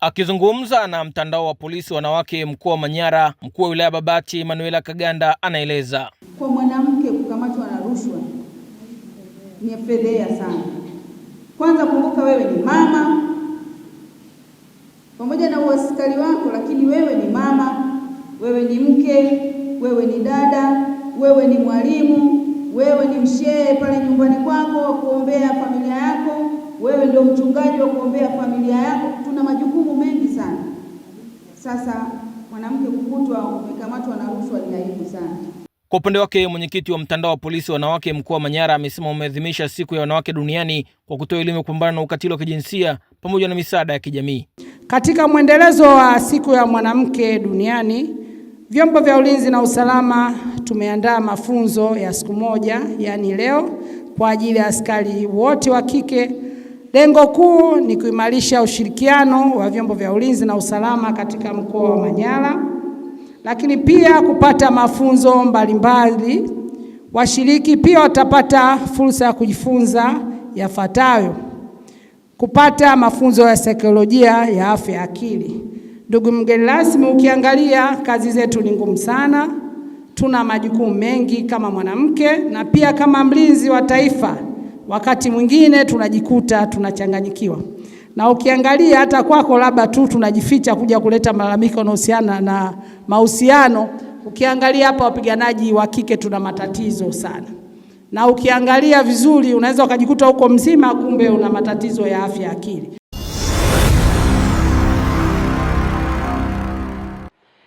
Akizungumza na mtandao wa polisi wanawake mkoa wa Manyara, mkuu wa wilaya Babati manuela Kaganda anaeleza kwa mwanamke kukamatwa na rushwa ni fedheha sana. Kwanza kumbuka, wewe ni mama pamoja na uaskari wako, lakini wewe ni mama, wewe ni mke, wewe ni dada, wewe ni mwalimu, wewe ni mshehe pale nyumbani kwako wa kuombea familia yako ndio mchungaji wa kuombea familia yako. Tuna majukumu mengi sana. Sasa mwanamke kukutwa umekamatwa na rushwa ni aibu sana. Kwa upande wake mwenyekiti wa mtandao wa polisi wanawake mkoa wa Manyara amesema umeadhimisha siku ya wanawake duniani kwa kutoa elimu ya kupambana na ukatili wa kijinsia pamoja na misaada ya kijamii. Katika mwendelezo wa siku ya mwanamke duniani, vyombo vya ulinzi na usalama tumeandaa mafunzo ya siku moja, yaani leo, kwa ajili ya askari wote wa kike Lengo kuu ni kuimarisha ushirikiano wa vyombo vya ulinzi na usalama katika mkoa wa Manyara, lakini pia kupata mafunzo mbalimbali. Washiriki pia watapata fursa ya kujifunza yafuatayo: kupata mafunzo ya saikolojia ya afya ya akili. Ndugu mgeni rasmi, ukiangalia kazi zetu ni ngumu sana, tuna majukumu mengi kama mwanamke na pia kama mlinzi wa taifa wakati mwingine tunajikuta tunachanganyikiwa, na ukiangalia hata kwako labda tu tunajificha kuja kuleta malalamiko yanayohusiana na mahusiano. Ukiangalia hapa, wapiganaji wa kike tuna matatizo sana, na ukiangalia vizuri unaweza ukajikuta huko mzima, kumbe una matatizo ya afya akili.